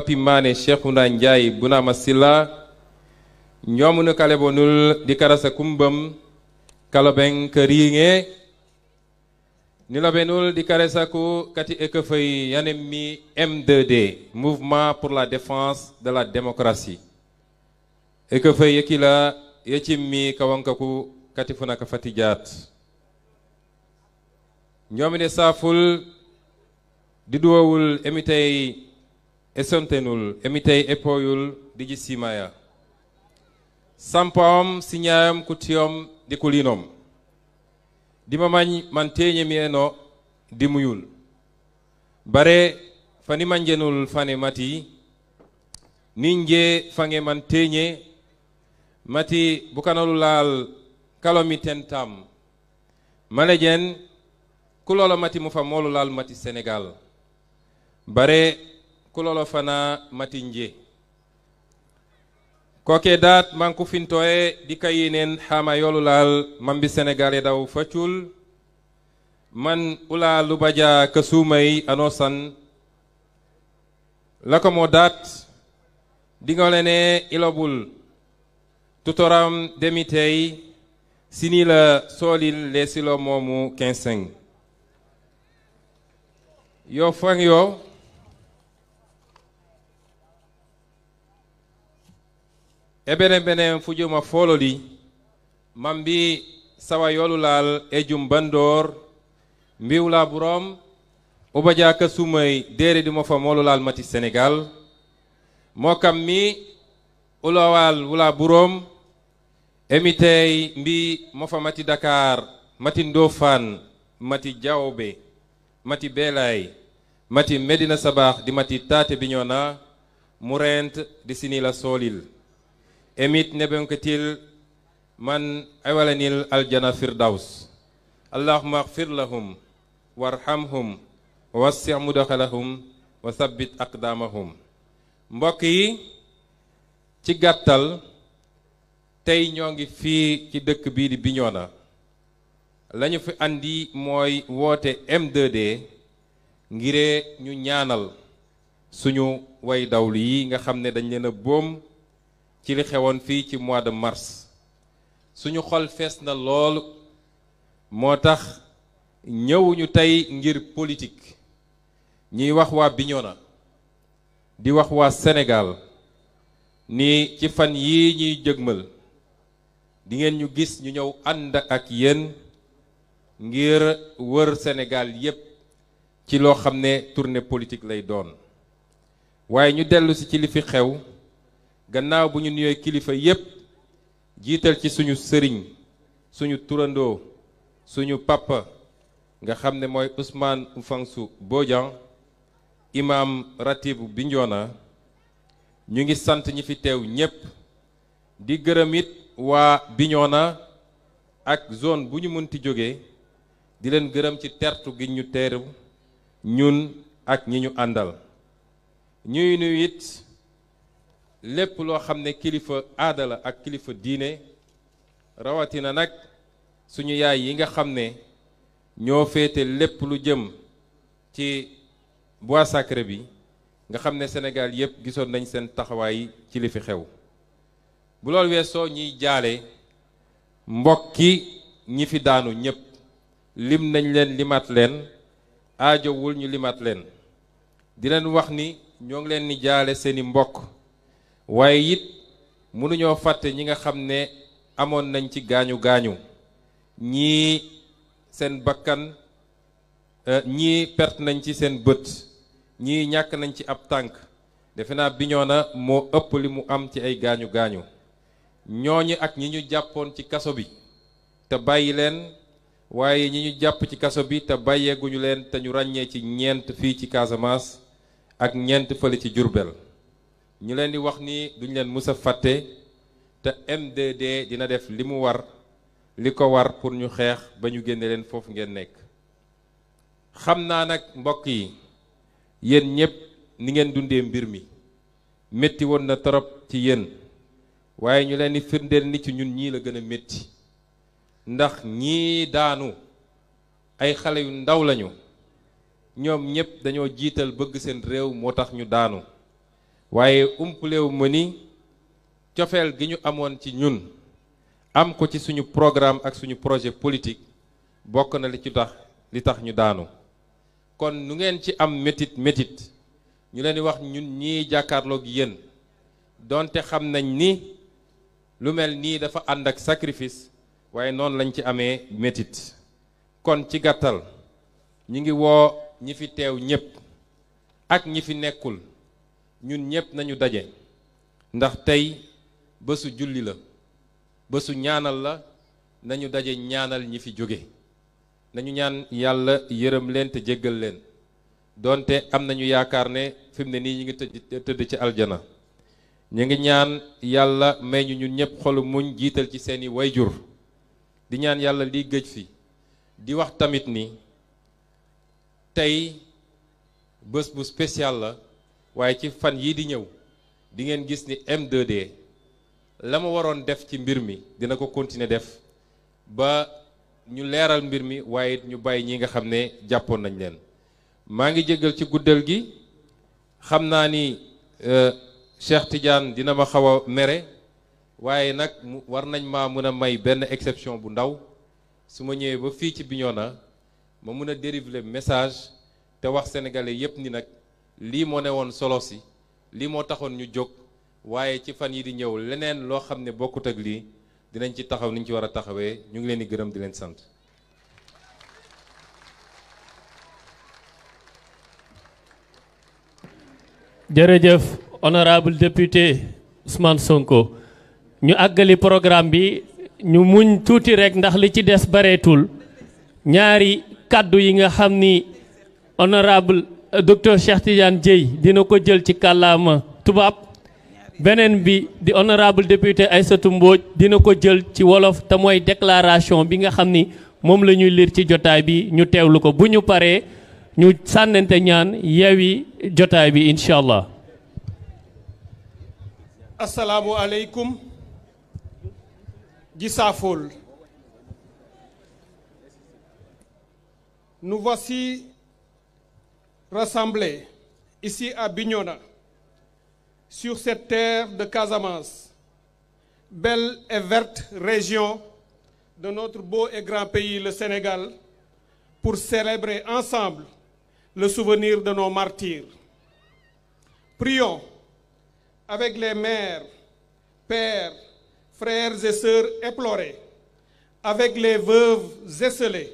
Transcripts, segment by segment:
Papi Mane Cheikhouna Ndiaye Bounama Silla ñoomunu kale bonul di karasa kumbam kaloben këriŋe nilobenul di karasa kati ekefey yanem mi Mouvement pour la défense de la démocratie ekefey yekila yecim kawankaku kati funaka fatijat ñoomine saaful di duwowul emitey esontenul emitey epoyul digi simaya sampawam siñayam kutiyom dikulinom dimamañ manteñemi eno dimuyul bare fani manjenul fane mati ninje fange manteñe mati bukanolulal kalomi tentam malejen kulolo mati mufa molulal mati senegal bare kulolo fana matinje koke dat manku fintoye dikayinen hama yolulal mambi senegal daw facul man ula lubaja kasumay anosan lakomo dat dingolene ilobul tutoram demitey sinila solil lesilo momu 15 yo fang yo e ɓenen ɓenen fujuma fololi man mbi sawa yolulal e jum bandor mbiwla burom obadia ka sumay deredi mo fa mololal mati sénégal mo kam mi ulowal wula burom emi mbi mo fa mati dakar mati ndofan mati diawɓe mati belay mati medina sabah di mati tate biñona murent di sinila solil emit nebenketil man awalanil aljana firdaus allahuma agfir lahum warhamhum wa wassi mudxalahum wa sabbit aqdaamahum mbokk yi ci gàttal tey ñoo ngi fii ci dëkk bii di Bignona lañu fi andi mooy woote m ngiree ñu ñaanal suñu way dawlu yi nga xam ne dañ leen boom ci li xewon fi ci mois de mars suñu xol fess na lool motax ñewuñu tay ngir politique ñi wax wa biñona di wax wa senegal ni ci fan yi ñi jëgmal di ngeen ñu gis ñu ñew and ak yeen ngir wër Senegal yépp ci lo xamné tourner politique lay doon waye ñu dellu si ci li fi xew gannaaw bu ñu nuyee kilifa yépp jiital ci suñu sëriñ suñu turandoo suñu papa nga xam ne mooy Ousmane Mfangsu Bodian imam ratibu Bignona ñu ngi sant ñi fi teew ñépp di gërëm it waa Bignona ak zone bu ñu munti jógee di leen gërëm ci tertu gi ñu teeru ñun ak ñi ñu àndal ñuy nuyu it lépp loo xam ne kilifa aadala ak kilifa diine rawatina nag suñu yaay yi nga xam ne ñoo féete lépp lu jëm ci bois sacré bi nga xam ne Sénégal yépp gisoon nañ seen taxawaay ci li fi xew bu loolu weesoo ñuy jaale mbokki ñi fi daanu ñépp lim nañ leen limaat leen aajowul ñu limaat leen di leen wax ni ñoo ngi leen ni jaale seeni mbokk waaye it mënuñoo fàtte ñi nga xam ne amoon nañ ci gaañu gaañu ñii seen bakkan euh, ñii pert nañ ci seen bët ñii ñàkk nañ ci ab tànk defe naa Bignona moo ëpp li mu am ci ay gaañu gaañu ñooñu ak ñi ñu jàppoon ci kaso bi te bàyyi leen waaye ñi ñu jàpp ci kaso bi te bàyyeeguñu leen te ñu ràññee ci ñeent fii ci kasamaas ak ñeent fële ci Diourbel ñu leen di wax ni duñ leen mus a fàtte te m dina def li mu war li ko war pour ñu xeex ba ñu génne leen foofu ngeen nekk xam naa nag mbokk yi yéen ñëpp ni ngeen dundee mbir mi métti woon na torop ci yéen waaye ñu leen di firndeel nit ci ñun ñii la gën a métti ndax ñii daanu ay xale yu ndaw lañu ñoom ñëpp dañoo jiital bëgg seen réew moo tax ñu daanu waaye umpulewu ma ni cofeel gi ñu amoon ci ñun am ko ci suñu programme ak suñu projet politique bokk na li ci tax li tax ñu daanu kon nu ngeen ci am métit métit ñu leen di wax ñun ñii jàkkaarloog yéen donte xam nañ ni lu mel nii dafa ànd ak sacrifice waaye noonu lañ ci amee métit kon ci gàttal ñu ngi woo ñi fi teew ñépp ak ñi fi nekkul ñun ñëpp nañu daje ndax tey bésu julli la bésu ñaanal la nañu daje ñaanal ñi fi jóge nañu ñaan yàlla yërëm leen te jéggal leen doonte am nañu yaakaar ne fi mu ne nii ñu ngi tëdd ci aljana ñu ngi ñaan yàlla may ñu ñun ñëpp xolu muñ jiital ci seeni wayjur di ñaan yàlla liy géej fi di wax tamit ni tey bés bu special la waaye ci fan yii di ñëw dingeen gis ni mdd la ma waroon def ci mbir mi dina ko continuer def ba ñu leeral mbir mi waaye ñu bàyyi ñi nga xam ne jàppoon nañ leen maa ngi jégal ci guddal gi xam naa ni euh, Cheikh Tidiane dina ma xaw a mere waaye nag war nañ ma mën a may benn exception bu ndaw su ma ñëwee ba fii ci Bignona ma mën a dériver message te wax sénégalais yépp ni nag lii moo ne woon solo si lii moo taxoon ñu jóg waaye ci fan yi di ñëw leneen loo xam ne bokkut ak lii dinañ ci taxaw ni ci war a taxawee ñu ngi leen di gërëm di leen sant. jërëjëf honorable député Ousmane Sonko ñu àggali programme bi ñu muñ tuuti rekk ndax li ci des bareetul ñaari kàddu yi nga xam ni honorable docteur Cheikh Tidiane Dieye dina ko jël ci kàllaama tubaab beneen bi di honorable député Aïssatou Mbodj dina ko jël ci wolof te mooy déclaration bi nga xam ni moom lañuy liir ci jotaay bi ñu teewlu ko bu ñu paree ñu sànnente ñaan yeewi jotaay bi incha allah. asalaamualeykum. Nous voici rassemblés ici à Bignona, sur cette terre de Casamance, belle et verte région de notre beau et grand pays, le Sénégal, pour célébrer ensemble le souvenir de nos martyrs. Prions avec les mères, pères, frères et sœurs éplorés, avec les veuves esselées,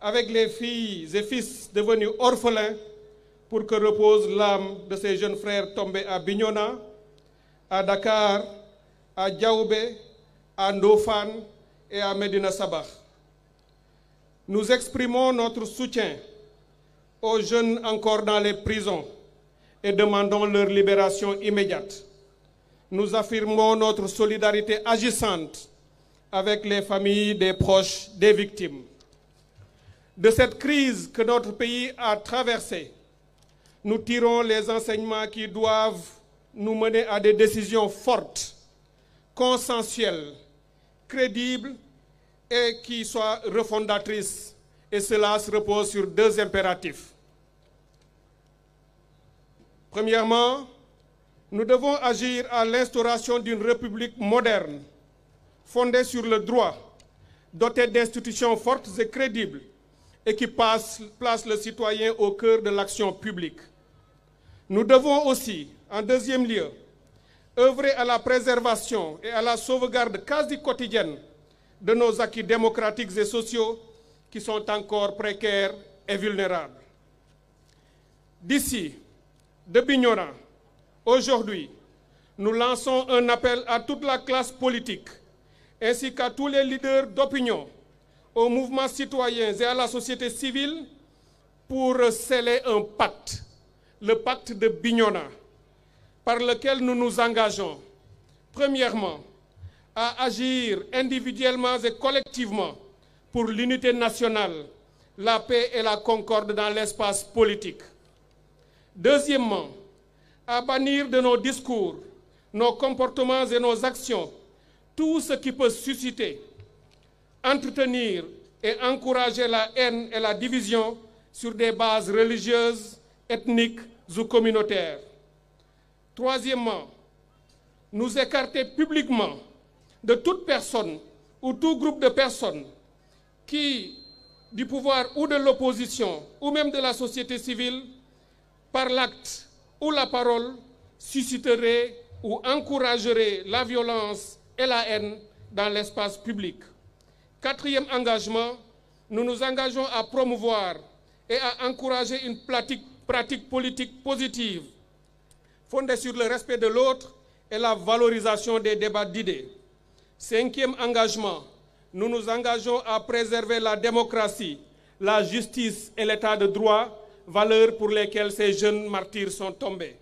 avec les filles et fils devenus orphelins pour que repose l'âme de ces jeunes frères tombés à Bignona, à Dakar, à Diaoubé, à Ndofan et à Medina Sabah. Nous exprimons notre soutien aux jeunes encore dans les prisons et demandons leur libération immédiate. Nous affirmons notre solidarité agissante avec les familles des proches des victimes. De cette crise que notre pays a traversée, nous tirons les enseignements qui doivent nous mener à des décisions fortes, consensuelles, crédibles et qui soient refondatrices. Et cela se repose sur deux impératifs. Premièrement, nous devons agir à l'instauration d'une république moderne, fondée sur le droit, dotée d'institutions fortes et crédibles, et qui place le citoyen au cœur de l'action publique. Nous devons aussi, en deuxième lieu, œuvrer à la préservation et à la sauvegarde quasi quotidienne de nos acquis démocratiques et sociaux qui sont encore précaires et vulnérables. D'ici, de Bignora, aujourd'hui, nous lançons un appel à toute la classe politique ainsi qu'à tous les leaders d'opinion aux mouvements citoyens et à la société civile pour sceller un pacte, le pacte de Bignona, par lequel nous nous engageons, premièrement, à agir individuellement et collectivement pour l'unité nationale, la paix et la concorde dans l'espace politique. Deuxièmement, à bannir de nos discours, nos comportements et nos actions tout ce qui peut susciter entretenir et encourager la haine et la division sur des bases religieuses, ethniques ou communautaires. Troisièmement, nous écarter publiquement de toute personne ou tout groupe de personnes qui, du pouvoir ou de l'opposition, ou même de la société civile, par l'acte ou la parole, susciterait ou encouragerait la violence et la haine dans l'espace public. Quatrième engagement, nous nous engageons à promouvoir et à encourager une pratique, politique positive fondée sur le respect de l'autre et la valorisation des débats d'idées. Cinquième engagement, nous nous engageons à préserver la démocratie, la justice et l'état de droit, valeurs pour lesquelles ces jeunes martyrs sont tombés.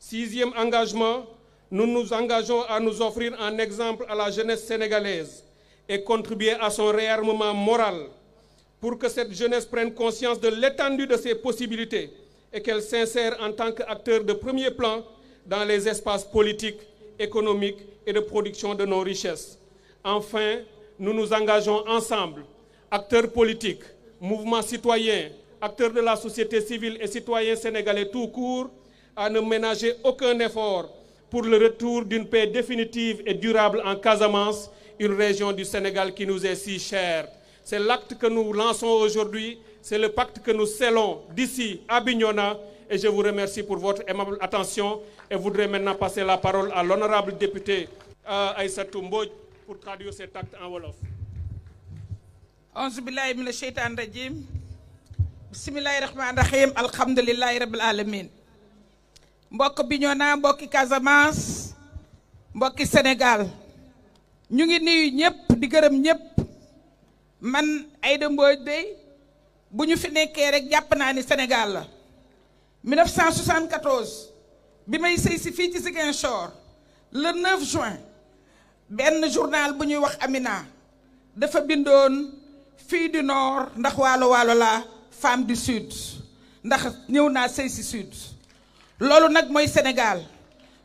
Sixième engagement, nous nous engageons à nous offrir un exemple à la jeunesse sénégalaise et contribuer à son réarmement moral pour que cette jeunesse prenne conscience de l'étendue de ses possibilités et qu'elle s'insère en tant qu'acteur de premier plan dans les espaces politiques, économiques et de production de nos richesses. Enfin, nous nous engageons ensemble, acteurs politiques, mouvements citoyens, acteurs de la société civile et citoyens sénégalais tout court, à ne ménager aucun effort pour le retour d'une paix définitive et durable en Casamance une région du Sénégal qui nous est si chère. C'est l'acte que nous lançons aujourd'hui, c'est le pacte que nous scellons d'ici à Bignona. Et je vous remercie pour votre aimable attention et voudrais maintenant passer la parole à l'honorable député euh, Aïssa Toumboj pour traduire cet acte en Wolof. rahim Rabbil alamin Mbok Bignona Mbok Casamance Sénégal ñu ngi nuyu ñëpp di gërëm ñëpp man Aïda Mbodj dey bu ñu fi nekkee rek jàpp naa ni Sénégal la 1974 bi may sëy si fii ci Ziguinchor le 9 juin benn journal bu ñuy wax Amina dafa bindoon fille du nord ndax waalo waalo la femme du sud ndax ñëw naa sëy si sud loolu nag mooy Sénégal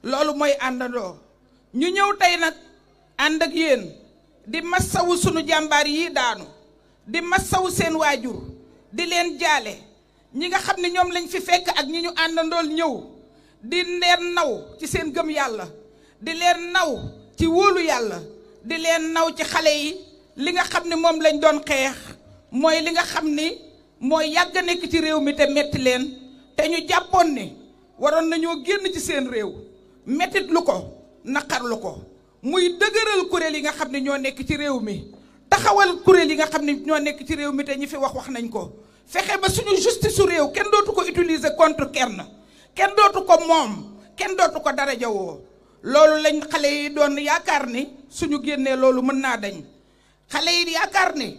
loolu mooy àndandoo ñu ñëw tey nag ànd ak yéen di massawu sunu jàmbaar yi daanu di massawu seen waajur di leen jaale ñi nga xam ne ñoom lañ fi fekk ak ñi ñu àndandool ñëw di leen naw ci seen gëm yàlla di leen naw ci wóolu yàlla di leen naw ci xale yi li nga xam ne moom lañ doon xeex mooy li nga xam ni mooy yàgg nekk ci réew mi te metti leen te ñu jàppoon ni waroon nañoo génn ci seen réew metitlu ko naqar lu ko muy dëgëral kuréel yi nga xam ne ñoo nekk ci réew mi taxawal kuréel yi nga xam ni ñoo nekk ci réew mi te ñi fi wax wax nañ ko fexe ba suñu justice su réew kenn dootu ko utiliser contre kenn kenn dootu ko moom kenn dootu ko dara jawoo loolu lañ xale yi doon yaakaar ni suñu génnee loolu mën naa dañ xale yi yaakaar ni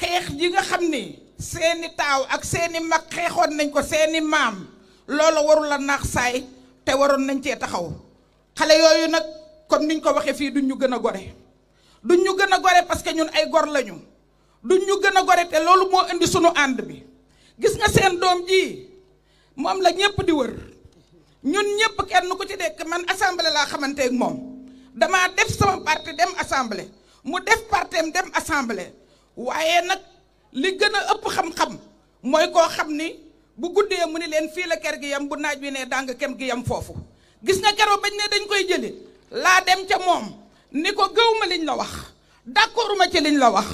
xeex yi nga xam ni seeni taaw ak seeni mag xeexoon nañ ko seeni maam loolu warul a naax saay te waroon nañ cee taxaw xale yooyu nag. comme niñ ko waxee fii duñ ñu gën a gore duñ ñu gën a gore parce que ñun ay gor lañu duñ ñu gën a gore te loolu moo indi sunu ànd bi gis nga seen doom ji moom la ñëpp di wër ñun ñëpp kenn ku ci dekk man assemblée laa xamante ak moom damaa def sama parti dem assemblée mu def partem dem assemblée waaye nag li gën a ëpp xam-xam mooy koo xam ni bu guddee mu ni leen fii la ker gi yam bu naaj wi ne dàng kem gi yam foofu gis nga keroog bañ ne dañ koy jëli laa dem ca moom ni ko gëw ma liñ la wax d'accord ma ci liñ la wax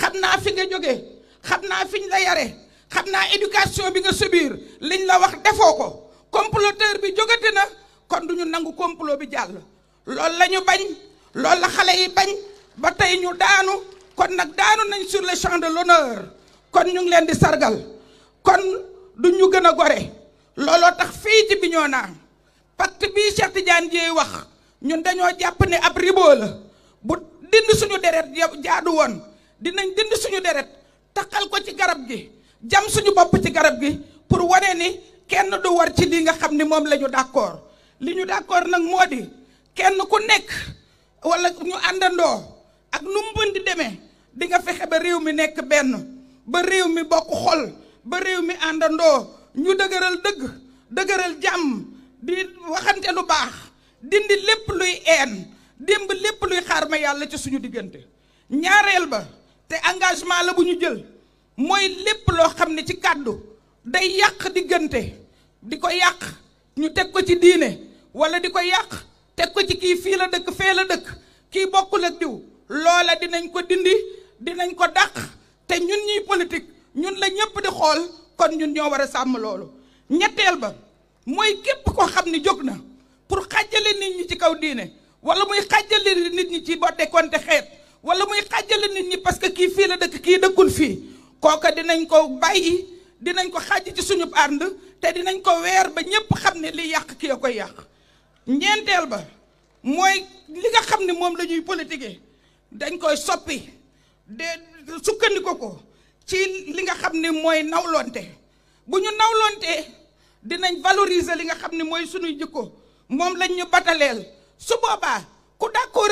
xam naa fi nga jóge xam naa fiñ la yare xam naa éducation bi nga subir liñ la wax defoo ko comploteur bi jógate na kon duñu nangu complot bi jàll loolu lañu ñu bañ loolu la xale yi bañ ba tey ñu daanu kon nag daanu nañ sur le champ de kon ñu ngi leen di sargal kon du ñu gën a gore looloo tax fii ci Bignona pacte bii Cheikh Tidiane Dièye wax ñun dañoo japp ne ab ribo la bu dind suñu deret ya jaadu won dinañ dind suñu deret takal ko ci garab gi jam suñu bop ci garab gi pour wane ni kenn du war ci li nga xamni mom lañu d'accord liñu d'accord nak modi kenn ku nek wala ñu andando ak nu mu démé di nga fexé ba réew mi nek benn ba réew mi bok xol ba réew mi andando ñu dëgeural dëgg dëgeural jam di waxante lu baax dindi lepp luy en démb lepp luy xaar ma yàlla ci suñu digënté ñaarël ba te engagement la buñu jël moy lepp lo xamné ci cadeau day yàq digënté diko ko ñu tek ko ci diiné wala di ko tek ko ci ki fi la dëkk fee la dëkk ki bokkul ak diw loola dinañ ko dindi dinañ ko dàq te ñun ñi politique ñun la ñëpp di xol kon ñun ño wara sam loolu ba moy képp ko xamni jogna pour xàjjale nit ñi ci kaw diine wala muy xàjjale nit ñi ci botte konte xeet wala muy xàjjale nit ñi parce que kii fii la dëkk kii dëkkul fii kooka dinañ ko bàyyi dinañ ko xàjj ci suñu ànd te dinañ ko weer ba ñépp xam ne li yàq ki a koy yàq ñeenteel ba mooy li nga xam ne moom la ñuy politique dañ koy soppi de sukkandiku ko ci li nga xam ne mooy nawlonte bu ñu nawlontee dinañ valoriser li nga xam ne mooy suñuy jikko moom lañ ñu bataleel su boobaa ku d'accord